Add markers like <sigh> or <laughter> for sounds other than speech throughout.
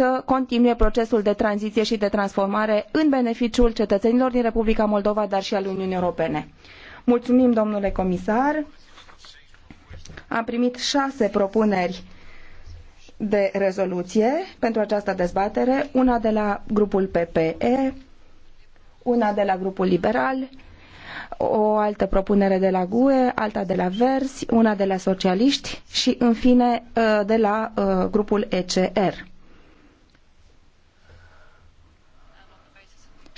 să continue procesul de tranziie și de transformare în beneficiul cetățenilor din Republica Moldova, dar și al Uniunii Europene. Mulțumim, domnule comisar. Am primit șase propuneri de rezoluție pentru această dezbatere, una de la grupul PPE, una de la grupul liberal, o altă propunere de la GUE, alta de la Verzi, una de la socialiști și, în fine, de la uh, grupul ECR.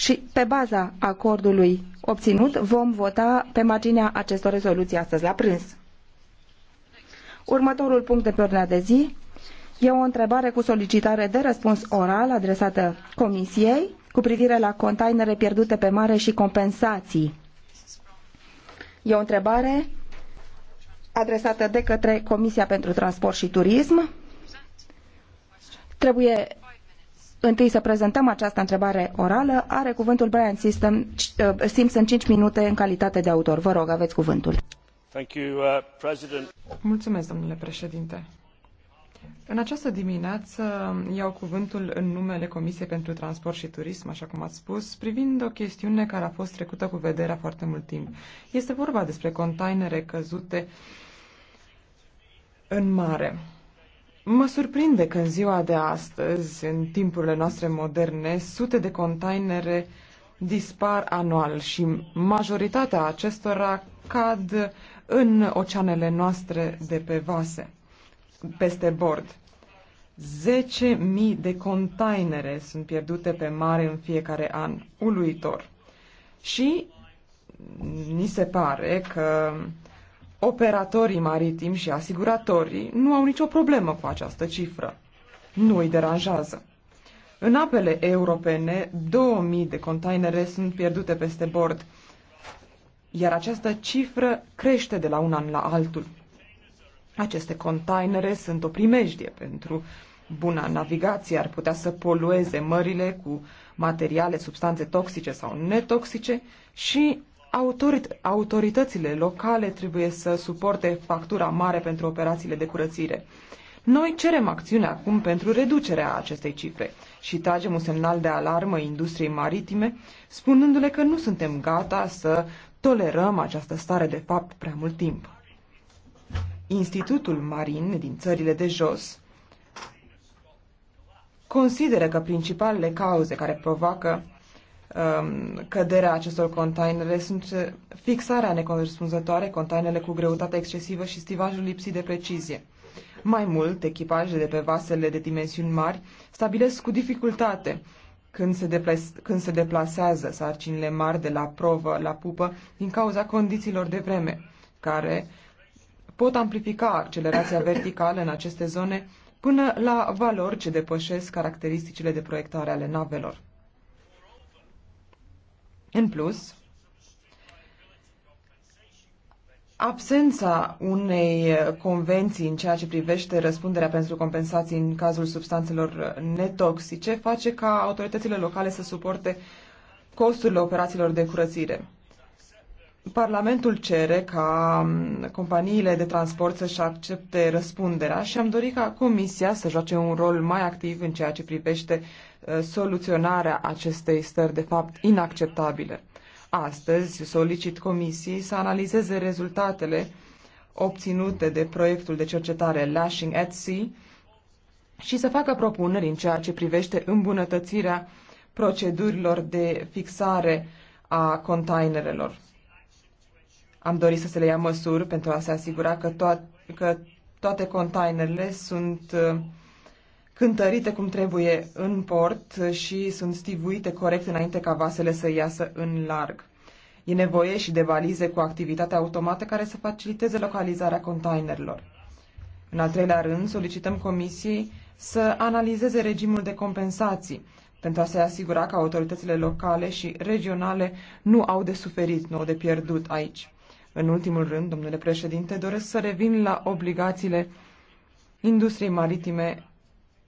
și pe baza acordului obținut vom vota pe marginea acestor rezoluții astăzi la prânz. Următorul punct de pe ordinea de zi e o întrebare cu solicitare de răspuns oral adresată Comisiei cu privire la containere pierdute pe mare și compensații. E o întrebare adresată de către Comisia pentru Transport și Turism. Trebuie întâi să prezentăm această întrebare orală, are cuvântul Brian System, Simpson 5 uh, minute în calitate de autor. Vă rog, aveți cuvântul. Uh, Mulțumesc, domnule președinte. În această dimineață uh, iau cuvântul în numele Comisiei pentru Transport și Turism, așa cum ați spus, privind o chestiune care a fost trecută cu vederea foarte mult timp. Este vorba despre containere căzute în mare. Mă surprinde că în ziua de astăzi, în timpurile noastre moderne, sute de containere dispar anual și majoritatea acestora cad în oceanele noastre de pe vase, peste bord. 10.000 de containere sunt pierdute pe mare în fiecare an, uluitor. Și ni se pare că Operatorii maritimi și asiguratorii nu au nicio problemă cu această cifră. Nu îi deranjează. În apele europene, 2000 de containere sunt pierdute peste bord, iar această cifră crește de la un an la altul. Aceste containere sunt o primejdie pentru buna navigație, ar putea să polueze mările cu materiale, substanțe toxice sau netoxice și Autorit- autoritățile locale trebuie să suporte factura mare pentru operațiile de curățire. Noi cerem acțiune acum pentru reducerea acestei cifre și tragem un semnal de alarmă industriei maritime, spunându-le că nu suntem gata să tolerăm această stare de fapt prea mult timp. Institutul Marin din țările de jos consideră că principalele cauze care provoacă Um, căderea acestor containere sunt uh, fixarea necorespunzătoare, containerele cu greutate excesivă și stivajul lipsit de precizie. Mai mult, echipajele de pe vasele de dimensiuni mari stabilesc cu dificultate când se, deplas- când se deplasează sarcinile mari de la provă la pupă din cauza condițiilor de vreme, care pot amplifica accelerația <coughs> verticală în aceste zone până la valori ce depășesc caracteristicile de proiectare ale navelor. În plus, Absența unei convenții în ceea ce privește răspunderea pentru compensații în cazul substanțelor netoxice face ca autoritățile locale să suporte costurile operațiilor de curățire. Parlamentul cere ca mm, companiile de transport să-și accepte răspunderea și am dorit ca Comisia să joace un rol mai activ în ceea ce privește uh, soluționarea acestei stări de fapt inacceptabile. Astăzi solicit Comisiei să analizeze rezultatele obținute de proiectul de cercetare Lashing at Sea și să facă propuneri în ceea ce privește îmbunătățirea procedurilor de fixare a containerelor. Am dorit să se le ia măsuri pentru a se asigura că, to- că toate containerele sunt uh, cântărite cum trebuie în port și sunt stivuite corect înainte ca vasele să iasă în larg. E nevoie și de valize cu activitate automată care să faciliteze localizarea containerelor. În al treilea rând, solicităm Comisiei să analizeze regimul de compensații pentru a se asigura că autoritățile locale și regionale nu au de suferit, nu au de pierdut aici. În ultimul rând, domnule președinte, doresc să revin la obligațiile industriei maritime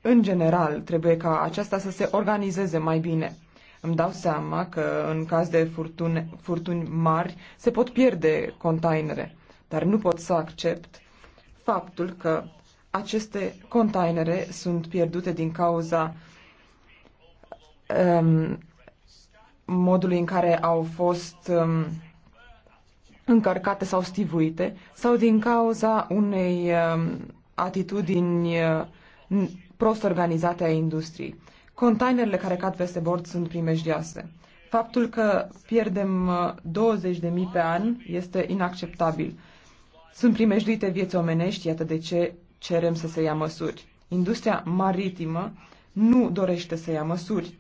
în general. Trebuie ca aceasta să se organizeze mai bine. Îmi dau seama că în caz de furtune, furtuni mari se pot pierde containere, dar nu pot să accept faptul că aceste containere sunt pierdute din cauza um, modului în care au fost um, încărcate sau stivuite, sau din cauza unei um, atitudini uh, prost organizate a industriei. Containerele care cad peste bord sunt primejdioase. Faptul că pierdem 20.000 uh, pe an este inacceptabil. Sunt primejduite vieți omenești, iată de ce cerem să se ia măsuri. Industria maritimă nu dorește să ia măsuri.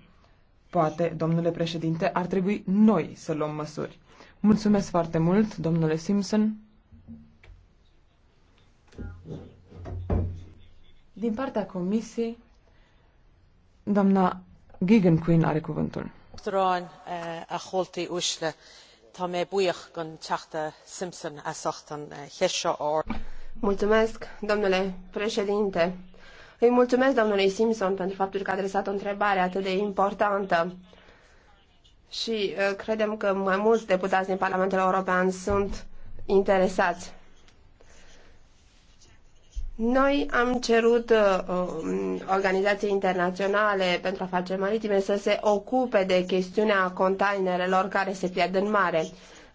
Poate, domnule președinte, ar trebui noi să luăm măsuri. Mulțumesc foarte mult, domnule Simpson. Din partea comisiei, doamna Gigan Queen are cuvântul. Eh, a a Simpson eh, Mulțumesc, domnule președinte. Îi mulțumesc domnului Simpson pentru faptul că a adresat o întrebare atât de importantă și uh, credem că mai mulți deputați din Parlamentul European sunt interesați. Noi am cerut uh, um, organizații internaționale pentru afaceri maritime să se ocupe de chestiunea containerelor care se pierd în mare.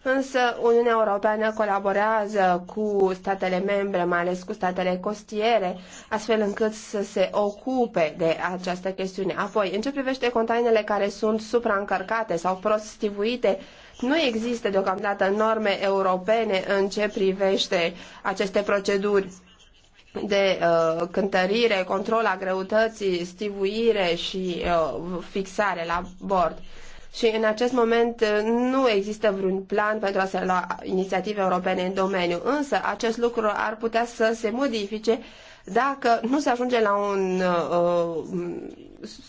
Însă Uniunea Europeană colaborează cu statele membre, mai ales cu statele costiere, astfel încât să se ocupe de această chestiune. Apoi, în ce privește containele care sunt supraîncărcate sau prost stivuite, nu există deocamdată norme europene în ce privește aceste proceduri de uh, cântărire, control a greutății, stivuire și uh, fixare la bord și în acest moment uh, nu există vreun plan pentru a se lua inițiative europene în domeniu, însă acest lucru ar putea să se modifice dacă nu se ajunge la un uh, um,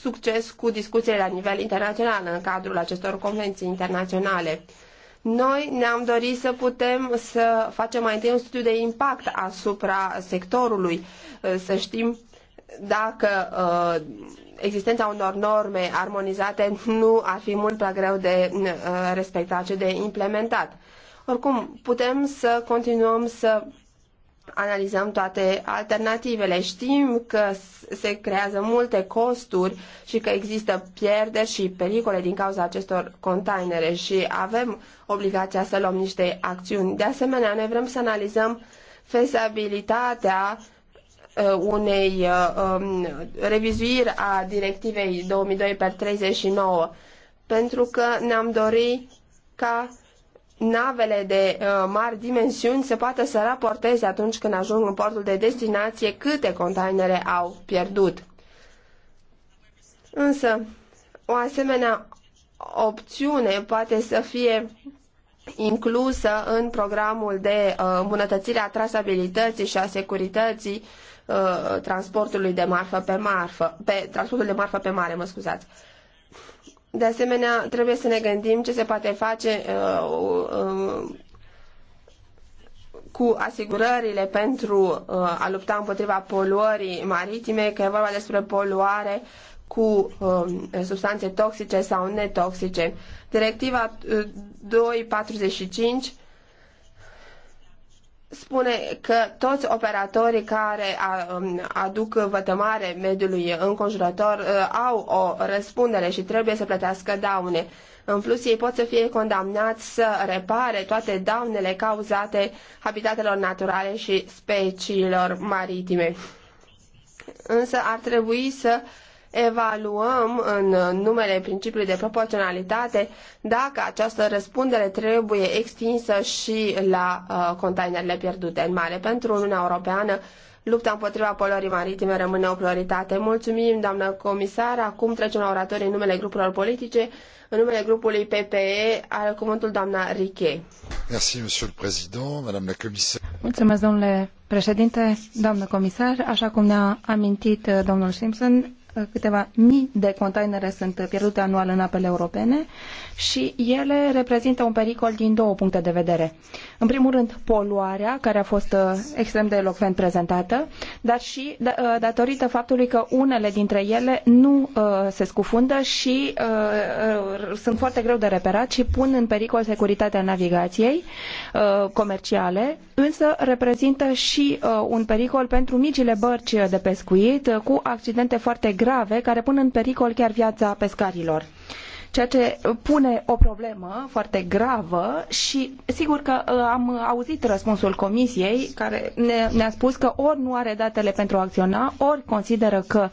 succes cu discuțiile la nivel internațional în cadrul acestor convenții internaționale. Noi ne-am dorit să putem să facem mai întâi un studiu de impact asupra sectorului, uh, să știm dacă uh, existența unor norme armonizate nu ar fi mult prea greu de uh, respectat, ci de implementat. Oricum, putem să continuăm să analizăm toate alternativele. Știm că se creează multe costuri și că există pierderi și pericole din cauza acestor containere și avem obligația să luăm niște acțiuni. De asemenea, noi vrem să analizăm fezabilitatea Uh, unei uh, um, revizuiri a directivei 2002 39 pentru că ne-am dorit ca navele de uh, mari dimensiuni se poată să raporteze atunci când ajung în portul de destinație câte containere au pierdut. Însă, o asemenea opțiune poate să fie inclusă în programul de îmbunătățire a trasabilității și a securității Uh, transportului de marfă pe marfă, pe transportul de marfă pe mare, mă scuzați. De asemenea, trebuie să ne gândim ce se poate face uh, uh, cu asigurările pentru uh, a lupta împotriva poluării maritime, că e vorba despre poluare cu um, substanțe toxice sau netoxice. Directiva 245 uh, spune că toți operatorii care um, aduc vătămare mediului înconjurător uh, au o răspundere și trebuie să plătească daune. În plus, ei pot să fie condamnați să repare toate daunele cauzate habitatelor naturale și speciilor maritime. Însă ar trebui să uh, evaluăm în numele principiului de proporționalitate dacă această răspundere trebuie extinsă și la uh, containerele pierdute în mare. Pentru Uniunea Europeană, lupta împotriva poluării maritime rămâne o prioritate. Mulțumim, doamnă comisar. Acum trecem la oratorii în numele grupurilor politice. În numele grupului PPE are cuvântul doamna Riche. Merci, monsieur le président, madame la Mulțumesc, domnule președinte, doamnă comisar. Așa cum ne-a amintit uh, domnul Simpson, câteva mii de containere sunt pierdute anual în apele europene și ele reprezintă un pericol din două puncte de vedere. În primul rând, poluarea, care a fost uh, extrem de elocvent prezentată, dar și da, uh, datorită faptului că unele dintre ele nu uh, se scufundă și sunt foarte greu de reperat și pun în pericol securitatea navigației comerciale, însă reprezintă și un pericol pentru micile bărci de pescuit cu accidente foarte grave care pun în pericol chiar viața pescarilor ceea ce pune o problemă foarte gravă și sigur că uh, am auzit răspunsul comisiei care ne, a spus că ori nu are datele pentru a acționa, ori consideră că,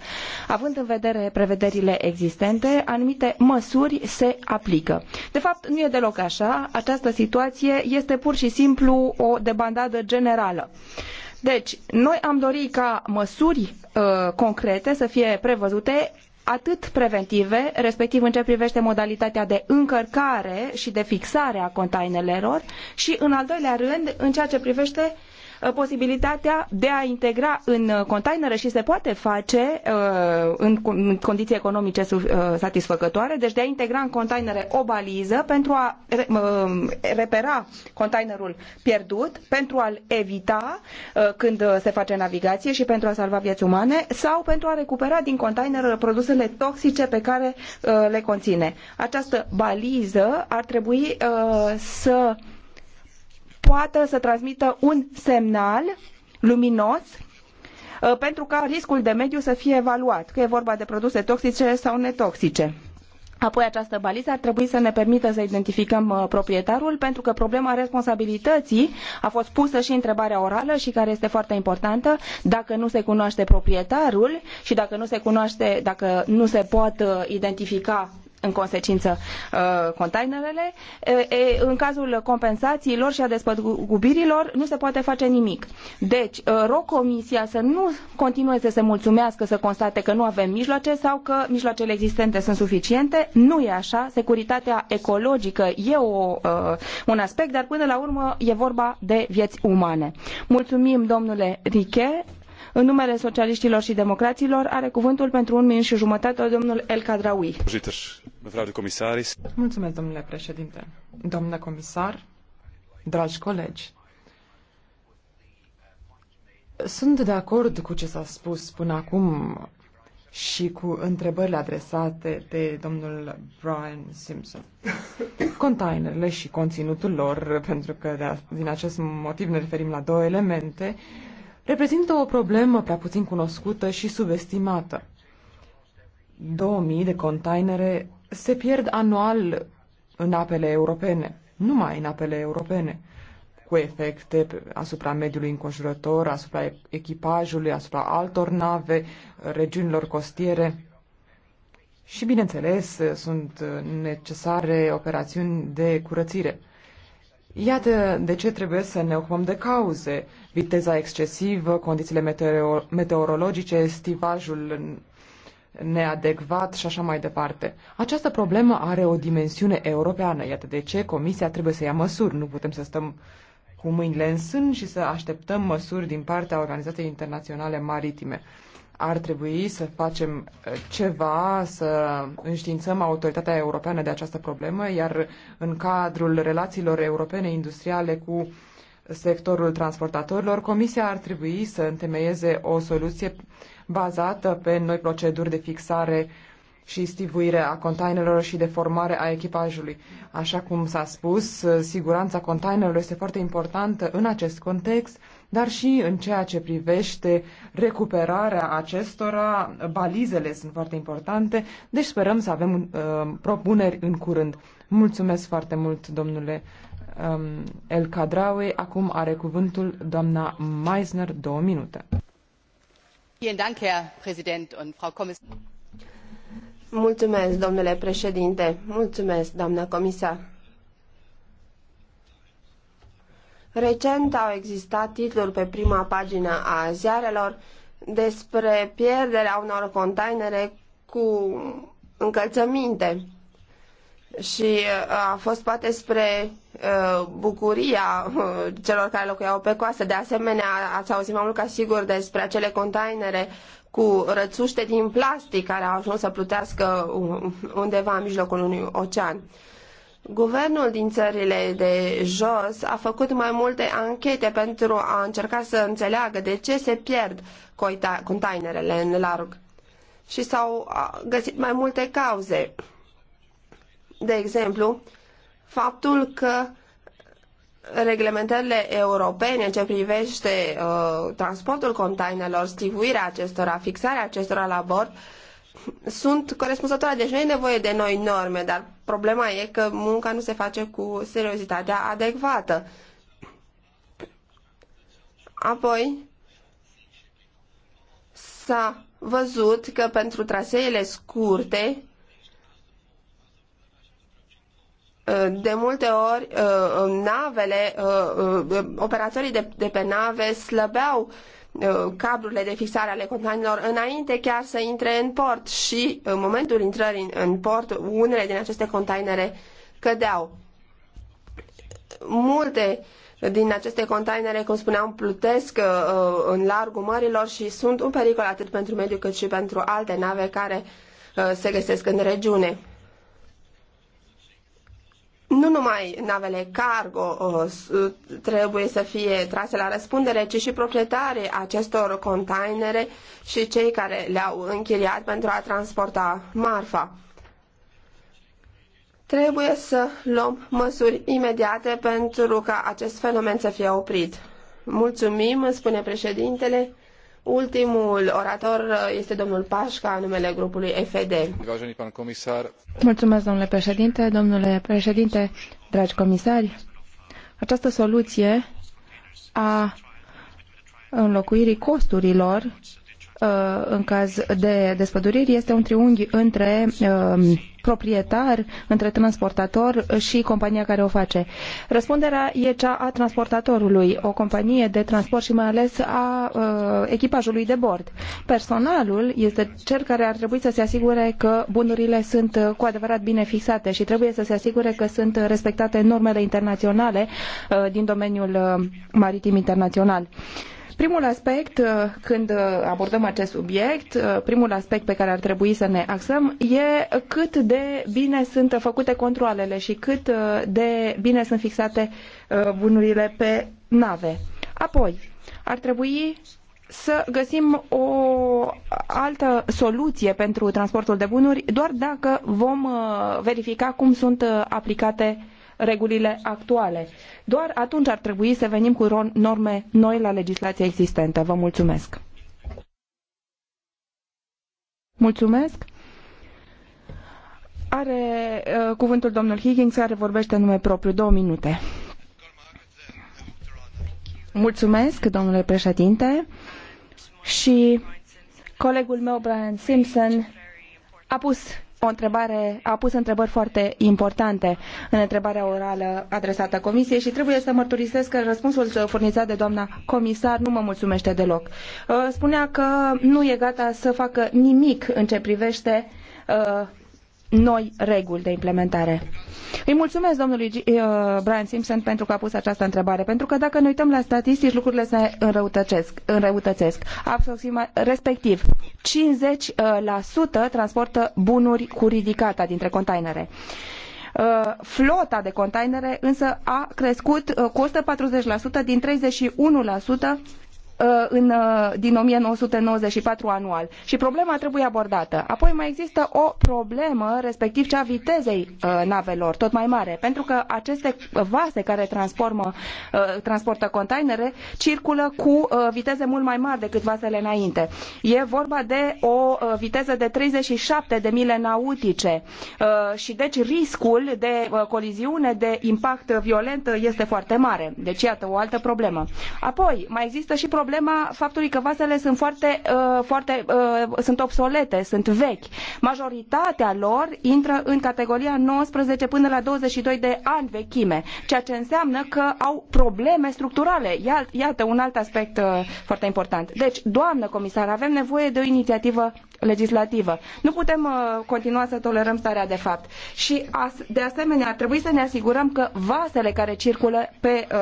având în vedere prevederile existente, anumite măsuri se aplică. De fapt, nu e deloc așa. Această situație este pur și simplu o debandadă generală. Deci, noi am dorit ca măsuri Uh, concrete să fie prevăzute atât preventive, respectiv în ceea ce privește modalitatea de încărcare și de fixare a containerelor și, în al doilea rând, în ceea ce privește uh, Uh, posibilitatea de a integra în uh, containere și se poate face uh, în condiții economice satisfăcătoare, deci de a integra în containere o baliză pentru a repera containerul pierdut, pentru a-l evita când se face navigație și pentru a salva vieți umane sau pentru a recupera din container produsele toxice pe care le conține. Această baliză ar trebui să poată să transmită un semnal luminos uh, pentru ca riscul de mediu să fie evaluat, că e vorba de produse toxice sau netoxice. Apoi această baliză ar trebui să ne permită să identificăm uh, proprietarul, pentru că problema responsabilității a fost pusă și întrebarea orală și care este foarte importantă. Dacă nu se cunoaște proprietarul și dacă nu se cunoaște, dacă nu se pot uh, identifica în consecință uh, containerele. În cazul compensațiilor și a despăgubirilor nu se poate face nimic. Deci, uh, rog Comisia să nu continue să se mulțumească, să constate că nu avem mijloace sau că mijloacele existente sunt suficiente. Nu e așa. Securitatea ecologică e o, uh, un aspect, dar până la urmă e vorba de vieți umane. Mulțumim, domnule Riche. În numele socialiștilor și democraților are cuvântul pentru un minut și jumătate domnul El Kadraoui. Mulțumesc, domnule președinte. Domnule comisar, dragi colegi, sunt de acord cu ce s-a spus până acum și cu întrebările adresate de domnul Brian Simpson. Containerele și conținutul lor, pentru că de a, din acest motiv ne referim la două elemente, reprezintă o problemă prea puțin cunoscută și subestimată. 2000 de containere se pierd anual în apele europene, numai în apele europene, cu efecte asupra mediului înconjurător, asupra echipajului, asupra altor nave, regiunilor costiere. Și, bineînțeles, sunt necesare operațiuni de curățire. Iată de ce trebuie să ne ocupăm de cauze. Viteza excesivă, condițiile meteoro- meteorologice, stivajul neadecvat și așa mai departe. Această problemă are o dimensiune europeană. Iată de ce Comisia trebuie să ia măsuri. Nu putem să stăm cu mâinile în sân și să așteptăm măsuri din partea Organizației Internaționale Maritime ar trebui să facem uh, ceva, să înștiințăm autoritatea europeană de această problemă, iar în cadrul relațiilor europene industriale cu sectorul transportatorilor, Comisia ar trebui să întemeieze o soluție bazată pe noi proceduri de fixare și stivuire a containerelor și de formare a echipajului. Așa cum s-a spus, siguranța containerelor este foarte importantă în acest context dar și în ceea ce privește recuperarea acestora, balizele sunt foarte importante, deci sperăm să avem uh, propuneri în curând. Mulțumesc foarte mult, domnule um, El Cadraue. Acum are cuvântul doamna Meisner, două minute. Mulțumesc, domnule președinte. Mulțumesc, doamna comisar. Recent au existat titluri pe prima pagină a ziarelor despre pierderea unor containere cu încălțăminte și uh, a fost poate spre uh, bucuria uh, celor care locuiau pe coastă. De asemenea, ați auzit mai mult ca sigur despre acele containere cu rățuște din plastic care au ajuns să plutească uh, undeva în mijlocul unui ocean. Guvernul din țările de jos a făcut mai multe anchete pentru a încerca să înțeleagă de ce se pierd containerele în larg și s-au găsit mai multe cauze. De exemplu, faptul că reglementările europene în ce privește uh, transportul containerelor, stivuirea acestora, fixarea acestora la bord, sunt corespunzătoare, deci nu e nevoie de noi norme, dar problema e că munca nu se face cu seriozitatea adecvată. Apoi, s-a văzut că pentru traseele scurte, de multe ori uh, navele, uh, uh, operatorii de, pe nave slăbeau Uh, cablurile de fixare ale containerelor înainte chiar să intre în port și în momentul intrării în port unele din aceste containere cădeau. Multe din aceste containere, cum spuneam, plutesc uh, uh, în largul mărilor și sunt un pericol atât pentru mediu cât și pentru alte nave care se găsesc în regiune nu numai navele cargo uh, uh, trebuie să fie trase la răspundere, ci și proprietarii acestor containere și cei care le-au închiriat pentru a transporta marfa. Trebuie să luăm măsuri imediate pentru ca acest fenomen să fie oprit. Mulțumim, spune președintele. Ultimul orator uh, este domnul Pașca, numele grupului FD. Mulțumesc, domnule președinte. Domnule președinte, dragi comisari, această soluție a înlocuirii costurilor Uh, în caz de despăduriri este un triunghi între uh, proprietar, între transportator și compania care o face. Răspunderea e cea a transportatorului, o companie de transport și mai ales a uh, echipajului de bord. Personalul este cel care ar trebui să se asigure că bunurile sunt cu adevărat bine fixate și trebuie să se asigure că sunt respectate normele internaționale din domeniul maritim internațional primul aspect, uh, când uh, abordăm acest subiect, uh, primul aspect pe care ar trebui să ne axăm e cât de bine sunt făcute controlele și cât de bine sunt fixate bunurile pe nave. Apoi, ar trebui să găsim o altă soluție pentru transportul de bunuri doar dacă vom verifica cum sunt aplicate regulile actuale. Doar atunci ar trebui să venim cu norme noi la legislația existentă. Vă mulțumesc! Mulțumesc! Are uh, cuvântul domnul Higgins, care vorbește în nume propriu. Două minute. Mulțumesc, domnule președinte. Și colegul meu, Brian Simpson, a pus o întrebare, a pus întrebări foarte importante în întrebarea orală adresată Comisiei și trebuie să mărturisesc că răspunsul furnizat de doamna comisar nu mă mulțumește deloc. Uh, spunea că nu e gata să facă nimic în ce privește uh, noi reguli de implementare. Îi mulțumesc domnului uh, Brian Simpson pentru că a pus această întrebare, pentru că dacă ne uităm la statistici, lucrurile se înrăutățesc. înrăutățesc. Absoxima, respectiv, 50% uh, transportă bunuri cu ridicata dintre containere uh, flota de containere însă a crescut cu 140% din 31% Uh, în, uh, din 1994 anual și problema trebuie abordată. Apoi mai există o problemă, respectiv cea vitezei uh, navelor, tot mai mare, pentru că aceste vase care transformă, transportă containere circulă cu viteze mult mai mari decât vasele înainte. E vorba de o viteză de 37 de mile nautice și deci riscul de coliziune, de impact violent este foarte mare. Deci iată o altă problemă. Apoi mai există și problema problema faptului că vasele sunt foarte, uh, foarte uh, sunt obsolete, sunt vechi. Majoritatea lor intră în categoria 19 până la 22 de ani vechime, ceea ce înseamnă că au probleme structurale. Iată un alt aspect uh, foarte important. Deci, doamnă comisar, avem nevoie de o inițiativă legislativă. Nu putem uh, continua să tolerăm starea de fapt. Și as, de asemenea ar trebui să ne asigurăm că vasele care circulă pe uh,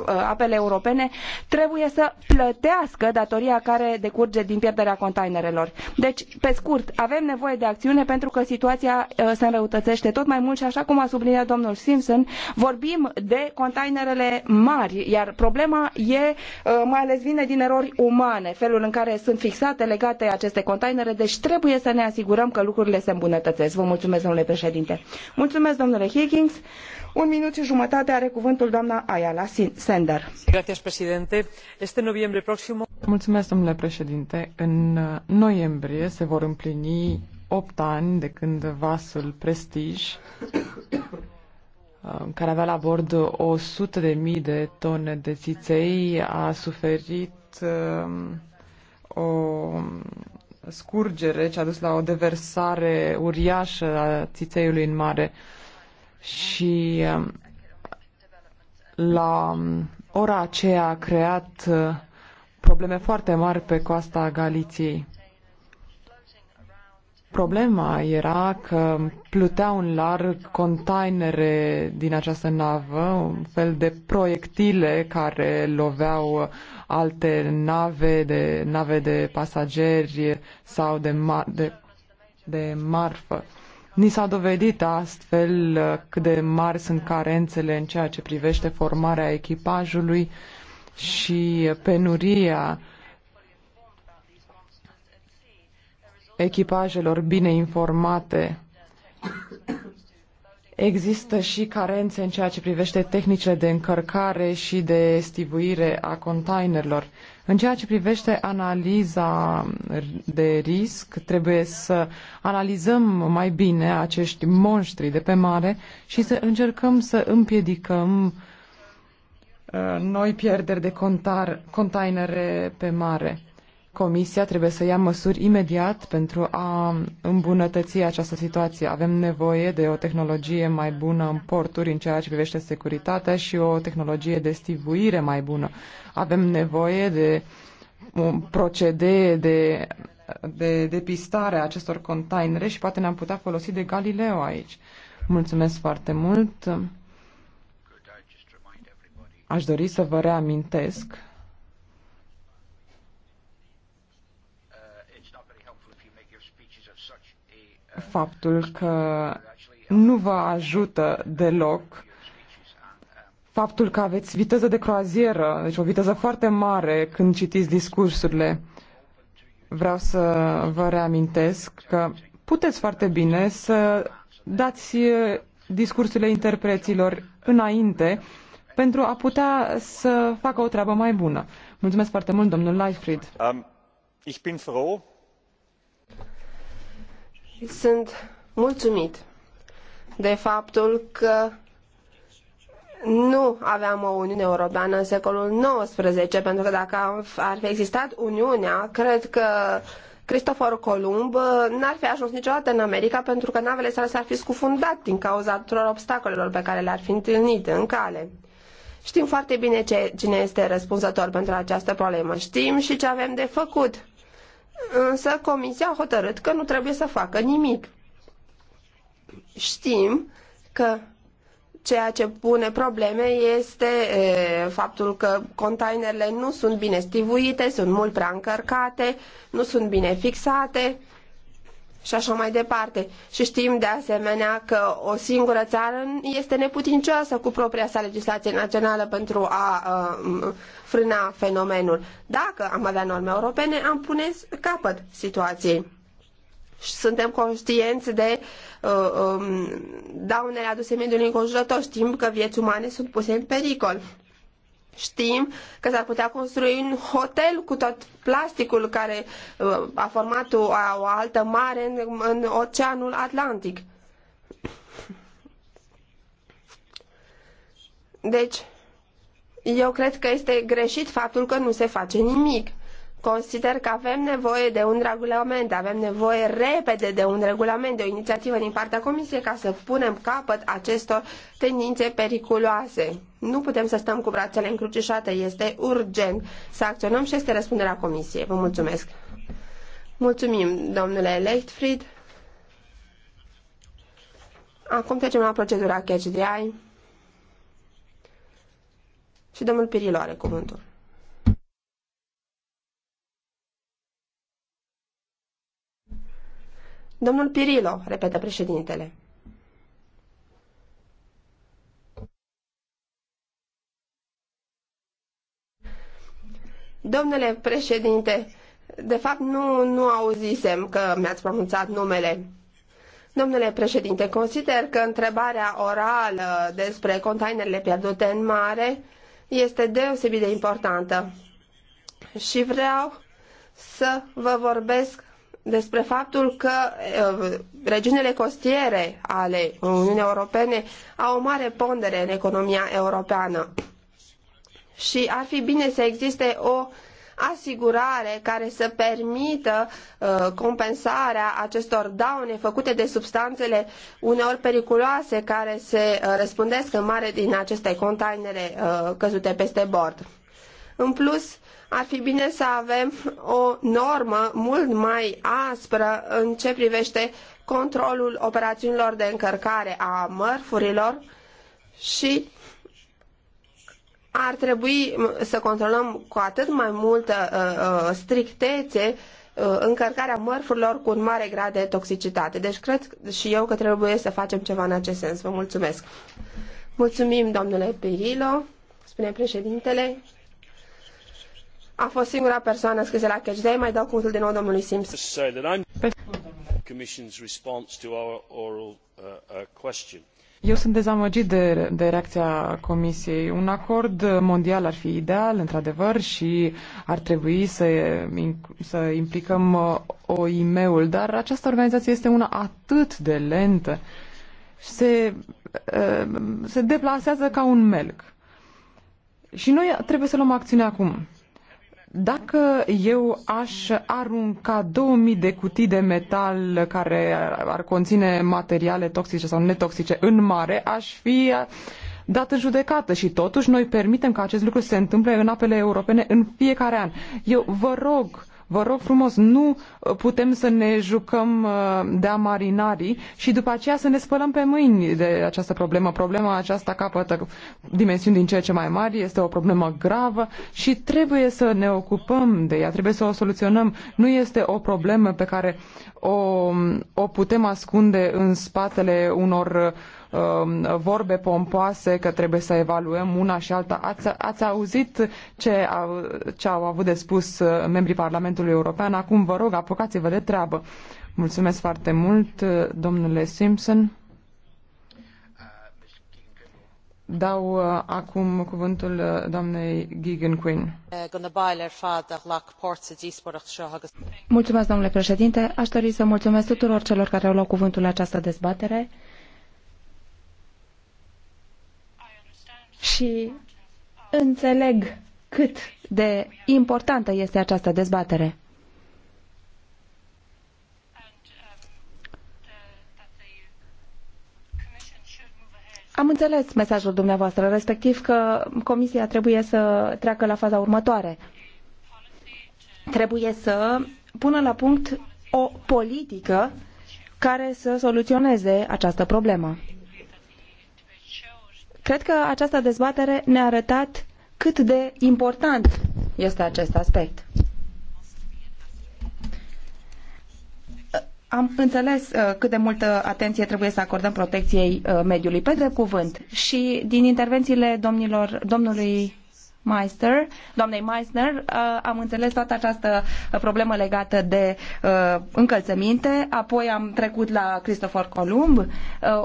uh, apele europene trebuie să plătească datoria care decurge din pierderea containerelor. Deci, pe scurt, avem nevoie de acțiune pentru că situația uh, se înrăutățește tot mai mult și așa cum a subliniat domnul Simpson, vorbim de containerele mari, iar problema e uh, mai ales vine din erori umane, felul în care sunt fixate, legate aceste containere deci trebuie să ne asigurăm că lucrurile se îmbunătățesc. Vă mulțumesc, domnule președinte. Mulțumesc, domnule Higgins. Un minut și jumătate are cuvântul doamna Ayala Sender. Mulțumesc, domnule președinte. În uh, noiembrie se vor împlini opt ani de când vasul Prestige uh, care avea la bord 100.000 de mii de tone de țiței, a suferit uh, o scurgere ce a dus la o deversare uriașă a țițeiului în mare și um, la um, ora aceea a creat uh, probleme foarte mari pe coasta Galiției. Problema era că pluteau în larg containere din această navă, un fel de proiectile care loveau alte nave de, nave de pasageri sau de, mar, de, de marfă. Ni s-a dovedit astfel cât de mari sunt carențele în ceea ce privește formarea echipajului și penuria uh, echipajelor bine informate. Există și carențe în ceea ce privește tehnicile de încărcare și de stivuire a containerilor. În ceea ce privește analiza de risc, trebuie să analizăm mai bine acești monștri de pe mare și să încercăm să împiedicăm uh, noi pierderi de contar, containere pe mare. Comisia trebuie să ia măsuri imediat pentru a îmbunătăți această situație. Avem nevoie de o tehnologie mai bună în porturi în ceea ce privește securitatea și o tehnologie de stivuire mai bună. Avem nevoie de un procedee de de depistare a acestor containere și poate ne-am putea folosi de Galileo aici. Mulțumesc foarte mult. Aș dori să vă reamintesc faptul că nu vă ajută deloc faptul că aveți viteză de croazieră, deci o viteză foarte mare când citiți discursurile. Vreau să vă reamintesc că puteți foarte bine să dați discursurile interpreților înainte pentru a putea să facă o treabă mai bună. Mulțumesc foarte mult, domnul Leifried. Um, ich bin froh, sunt mulțumit de faptul că nu aveam o Uniune Europeană în secolul XIX, pentru că dacă ar fi existat Uniunea, cred că Cristofor Columb uh, n-ar fi ajuns niciodată în America pentru că navele sale s-ar fi scufundat din cauza tuturor obstacolelor pe care le-ar fi întâlnit în cale. Știm foarte bine ce, cine este răspunzător pentru această problemă. Știm și ce avem de făcut Însă Comisia a hotărât că nu trebuie să facă nimic. Știm că ceea ce pune probleme este e, faptul că containerele nu sunt bine stivuite, sunt mult prea încărcate, nu sunt bine fixate și așa mai departe. Și știm de asemenea că o singură țară este neputincioasă cu propria sa legislație națională pentru a uh, frâna fenomenul. Dacă am avea norme europene, am pune capăt situației. Și suntem conștienți de uh, um, daunele aduse mediului înconjurător. Știm că vieți umane sunt puse în pericol. Știm că s-ar putea construi un hotel cu tot plasticul care uh, a format o, o altă mare în, în Oceanul Atlantic. Deci, eu cred că este greșit faptul că nu se face nimic. Consider că avem nevoie de un regulament, avem nevoie repede de un regulament, de o inițiativă din partea Comisiei ca să punem capăt acestor tendințe periculoase. Nu putem să stăm cu brațele încrucișate, este urgent să acționăm și este răspunderea Comisiei. Vă mulțumesc! Mulțumim, domnule Leichtfried. Acum trecem la procedura catch the eye. Și domnul Pirilo are cuvântul. Domnul Pirilo, repetă președintele. Domnule președinte, de fapt nu, nu auzisem că mi-ați pronunțat numele. Domnule președinte, consider că întrebarea orală despre containerele pierdute în mare este deosebit de importantă și vreau să vă vorbesc despre faptul că uh, regiunile costiere ale Uniunii Europene au o mare pondere în economia europeană și ar fi bine să existe o asigurare care să permită uh, compensarea acestor daune făcute de substanțele uneori periculoase care se uh, răspândesc în mare din aceste containere căzute peste bord. În plus, ar fi bine să avem o normă mult mai aspră în ce privește controlul operațiunilor de încărcare a mărfurilor și ar trebui să controlăm cu atât mai multă uh, uh, strictețe uh, încărcarea mărfurilor cu un mare grad de toxicitate. Deci cred și eu că trebuie să facem ceva în acest sens. Vă mulțumesc. Mulțumim, domnule Pirilo, spune președintele. A fost singura persoană scrisă la catch de mai dau cuvântul din nou domnului Sims. Uh, uh, Eu sunt dezamăgit de, de reacția Comisiei. Un acord mondial ar fi ideal, într-adevăr, și ar trebui să, să implicăm uh, OIM-ul, dar această organizație este una atât de lentă. Se, se deplasează ca un melc. Și noi trebuie să luăm acțiune acum. Dacă eu aș arunca 2000 de cutii de metal care ar conține materiale toxice sau netoxice în mare, aș fi dat în judecată și totuși noi permitem ca acest lucru să se întâmple în apele europene în fiecare an. Eu vă rog Vă rog frumos, nu uh, putem să ne jucăm uh, de-a marinarii și după aceea să ne spălăm pe mâini de această problemă. Problema aceasta capătă dimensiuni din ce ce mai mari, este o problemă gravă și trebuie să ne ocupăm de ea, trebuie să o soluționăm. Nu este o problemă pe care o, o putem ascunde în spatele unor uh, Um, vorbe pompoase că trebuie să evaluăm una și alta. Ați, ați auzit ce au, ce au avut de spus uh, membrii Parlamentului European. Acum vă rog, apucați-vă de treabă. Mulțumesc foarte mult, uh, domnule Simpson. Dau uh, acum cuvântul uh, doamnei Gigan Quinn. Mulțumesc, domnule președinte. Aș dori să mulțumesc tuturor celor care au luat cuvântul la această dezbatere. și înțeleg cât de importantă este această dezbatere. Am înțeles mesajul dumneavoastră, respectiv că Comisia trebuie să treacă la faza următoare. Trebuie să pună la punct o politică care să soluționeze această problemă. Cred că această dezbatere ne-a arătat cât de important este acest aspect. Am înțeles uh, cât de multă atenție trebuie să acordăm protecției uh, mediului, pe drept cuvânt. Și din intervențiile domnilor, domnului Meister, doamnei Meissner, uh, am înțeles toată această problemă legată de uh, încălțăminte, apoi am trecut la Christopher Columb. Uh,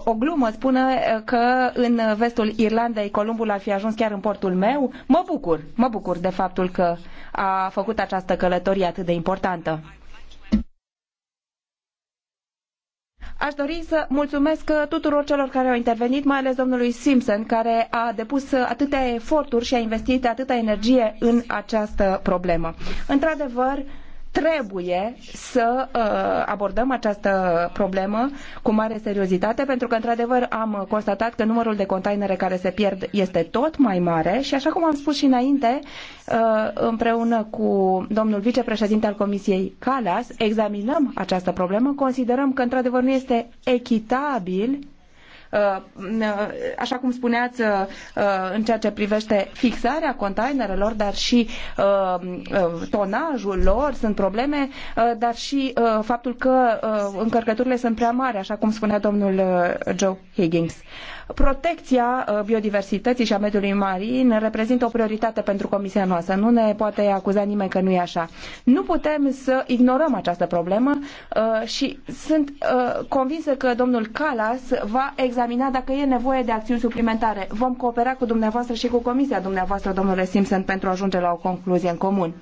o glumă spune că în vestul Irlandei Columbul ar fi ajuns chiar în portul meu. Mă bucur, mă bucur de faptul că a făcut această călătorie atât de importantă. Aș dori să mulțumesc uh, tuturor celor care au intervenit, mai ales domnului Simpson, care a depus uh, atâtea eforturi și a investit atâta energie în această problemă. Într-adevăr, trebuie să uh, abordăm această problemă cu mare seriozitate, pentru că, într-adevăr, am constatat că numărul de containere care se pierd este tot mai mare și, așa cum am spus și înainte, uh, împreună cu domnul vicepreședinte al Comisiei Calas, examinăm această problemă, considerăm că, într-adevăr, nu este echitabil Uh, așa cum spuneați, uh, uh, în ceea ce privește fixarea containerelor, dar și tonajul lor, sunt probleme, dar și faptul că încărcăturile sunt prea mari, așa cum spunea domnul Joe Higgins. Protecția uh, biodiversității și a mediului marin reprezintă o prioritate pentru Comisia noastră. Nu ne poate acuza nimeni că nu e așa. Nu putem să ignorăm această problemă uh, și sunt uh, convinsă că domnul Calas va examina dacă e nevoie de acțiuni suplimentare. Vom coopera cu dumneavoastră și cu Comisia dumneavoastră, domnule Simpson, pentru a ajunge la o concluzie în comun.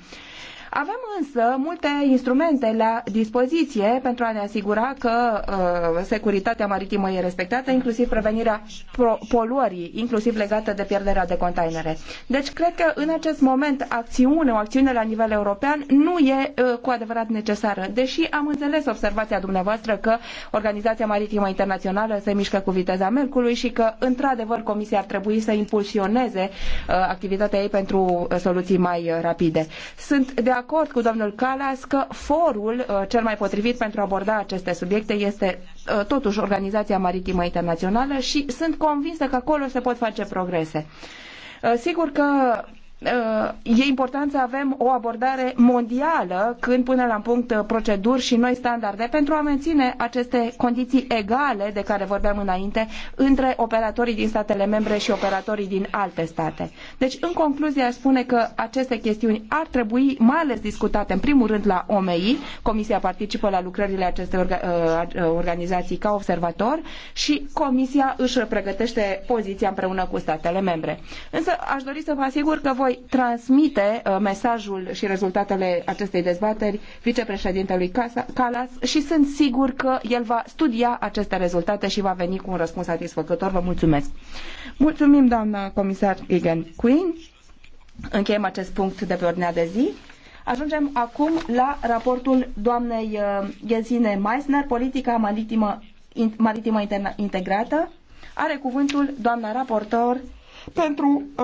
Avem însă multe instrumente la dispoziție pentru a ne asigura că uh, securitatea maritimă e respectată, inclusiv prevenirea poluării, inclusiv legată de pierderea de containere. Deci cred că în acest moment acțiune, o acțiune la nivel european nu e uh, cu adevărat necesară, deși am înțeles observația dumneavoastră că Organizația Maritimă Internațională se mișcă cu viteza Mercului și că, într-adevăr, Comisia ar trebui să impulsioneze uh, activitatea ei pentru uh, soluții mai uh, rapide. Sunt de acord cu domnul Calas că forul uh, cel mai potrivit pentru a aborda aceste subiecte este uh, totuși Organizația Maritimă Internațională și sunt convinsă că acolo se pot face progrese. Uh, sigur că Uh, e important să avem o abordare mondială când punem la punct uh, proceduri și noi standarde pentru a menține aceste condiții egale de care vorbeam înainte între operatorii din statele membre și operatorii din alte state. Deci, în concluzie, aș spune că aceste chestiuni ar trebui mai ales discutate în primul rând la OMI, Comisia participă la lucrările acestei orga, uh, organizații ca observator și Comisia își pregătește poziția împreună cu statele membre. Însă aș dori să vă asigur că voi voi transmite uh, mesajul și rezultatele acestei dezbateri vicepreședintelui Calas și sunt sigur că el va studia aceste rezultate și va veni cu un răspuns satisfăcător. Vă mulțumesc! Mulțumim, doamna comisar Egan Queen. Încheiem acest punct de pe ordinea de zi. Ajungem acum la raportul doamnei uh, Ghezine Meissner, politica maritimă, maritimă integrată. Are cuvântul doamna raportor pentru uh,